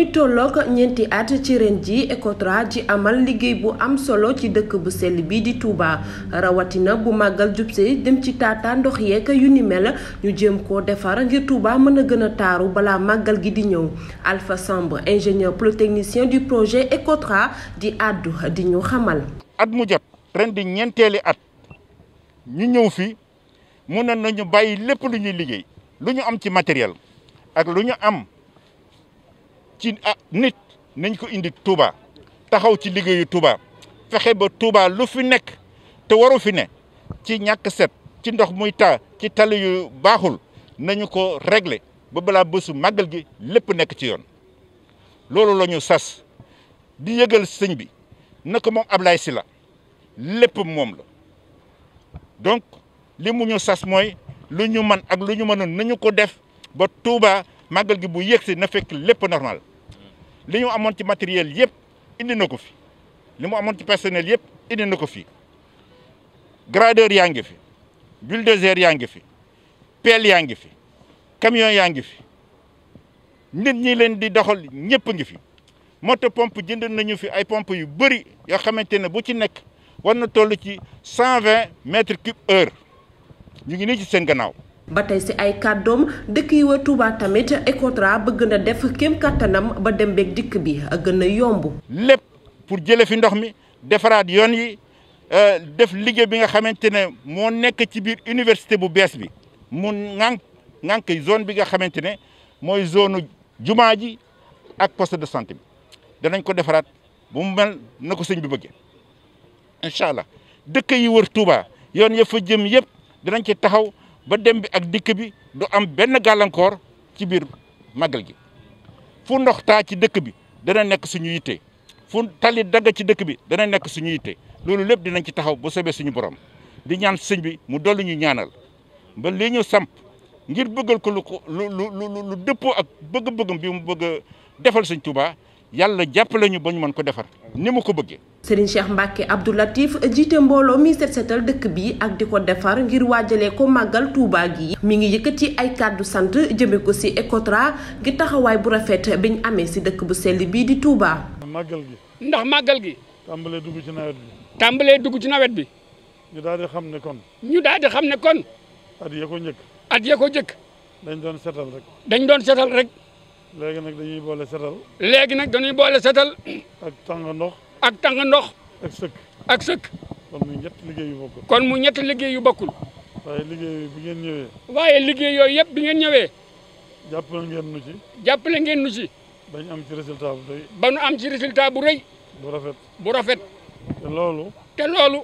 muy tolloog ñeenti at ci ren ji ECOTRA ji amal liggéey bu am solo ci dëkk bu sell bi di Touba rawatina bu màggal jubsee dem ci taataa ndox yeek yu ni mel ñu jéem koo defar ngir Touba mën a gën a taaru balaa màggal gi di ñëw Alpha Samb ingénieur polytechnicien du projet ECOTRA di àddu di ñu xamal. at mu jot ren di ñeenteeli at ñu ñëw fi mun nañu bàyyi lépp lu ñuy liggéey lu ñu am ci matériel ak lu ñu am. ci ah nit nañ ko indi Touba taxaw ci liggéeyu Touba fexe ba Touba lu fi nekk te waru fi ne ci ñàkk set ci ndox muy taa ci tali yu baaxul nañu ko régler ba balaa bésu màggal gi lépp nekk ci yoon loolu lañu ñu sas di yëgal sëñ bi naka moom si la lépp moom la donc li mu ñu sas mooy lu ñu man ak lu ñu mënoon nañu ko def ba Touba màggal gi bu yegsi na fekk lépp normal li ñu amoon ci matériel yëpp indi na ko fi li mu amoon ci personnel yëpp indi na ko fi gradeur yaa ngi fi bulldozer yaa ngi fi pelle yaa ngi fi camion yaa ngi fi nit ñi leen di doxal ñëpp ngi fi moto pompe jënd nañu fi ay pompe yu bëri yoo xamante ne bu ci nekk war na toll ci cent vingt mètres cube heure ñu ngi nii ci seen gannaaw. ba tey si ay doom dëkk yi wër Touba tamit Ecotra bëgg na def kéem kattanam ba dem beeg dikk bi gën a yomb. lépp pour jëlee fi ndox mi defaraat yoon yi euh, def liggéey bi nga xamante ne moo nekk ci biir université bu bees bi mu ŋànk ŋànk zone bi nga xamante ne mooy zone jumaa ji ak poste de santé bi danañ ko defaraat bu mu mel na ko sëñ bi bëggee incha allah dëkk yi wër Touba yoon ya fa jëm yëpp danañ ci taxaw. ba dem bi ak dikk bi du am benn gàllankoor ci biir màggal gi fu ndox taa ci dëkk bi dana nekk suñu yitte fu tali dagg ci dëkk bi dana nekk suñu yitte loolu lépp dinañ ci taxaw ba sobee suñu borom di ñaan sëñ bi mu dolli ñu ñaanal ba lii ñu samp ngir bëggal ko lu lu lu lu dëppoo ak bëgg-bëggam bi mu bëgg a defal sëñ Touba. yàlla jàppale ñu ba ñu mën ko defar ni mu ko bëggee. Serigne Cheikh Mbacke Abdou Latif jiite mbooloo mi set setal dëkk bi ak di ko defar ngir waajalee ko màggal Touba gi. mi ngi yëkkati ay kàddu sant jëme ko ci Ecotra gi taxawaay bu rafet bi ñu amee ci dëkk bu sell bii di Touba. màggal gi. ndax màggal gi. tàmbalee dugg ci nawet bi. tàmbalee dugg ci nawet bi. ñu daal xam ne kon. ñu daal xam ne kon. at ya ko njëkk. at ya ko njëkk. dañ doon setal dañ doon setal rek. léegi nag dañuy boole setal. léegi nag dañuy boole setal. ak tàng ndox. ak tàng ndox. ak sëkk. ak sëkk. kon mu ñett liggéey yu bokkul. kon mu ñett liggéeyu bokkul. waaye liggéey bi ngeen ñëwee. waaye liggéey yooyu yëpp bi ngeen ñëwee. jàpp jàppale ngeen nu ci. jàppale ngeen nu ci. ba am ci résultat bu rëy. ba ñu am ci résultat bu rëy. bu rafet. bu rafet. te loolu. te loolu.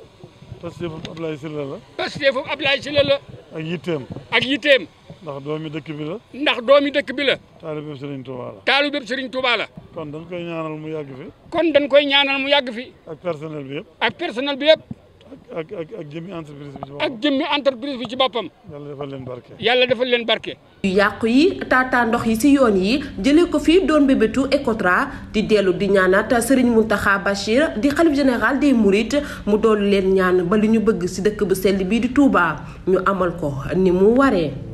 Pastef ab Ablaye Sylla la. Pastef ab Ablaye Sylla la. ak yitteem. ak yitteem. ndax doomi dëkk bi la ndax doomi dëkk bi la taalibeb Serigne Touba la taalibeb Serigne Touba la kon dañ koy ñaanal mu yàgg fi kon dañ koy ñaanal mu yàgg fi ak personnel bi yëpp ak personnel bi yëpp ak ak ak jëmmi entreprise bi ci boppam ak jëmmi entreprise yàlla defal leen barke. yàlla defal leen barke. yàqu yi taataa ndox yi si yoon yi jëlee ko fii doon bébétu Ecotra di dellu di ñaanaat Serigne Mountakha Bachir di xalif général des murit mu doolu leen ñaan ba li ñu bëgg si dëkk bu sell bii di Touba ñu amal ko ni mu waree.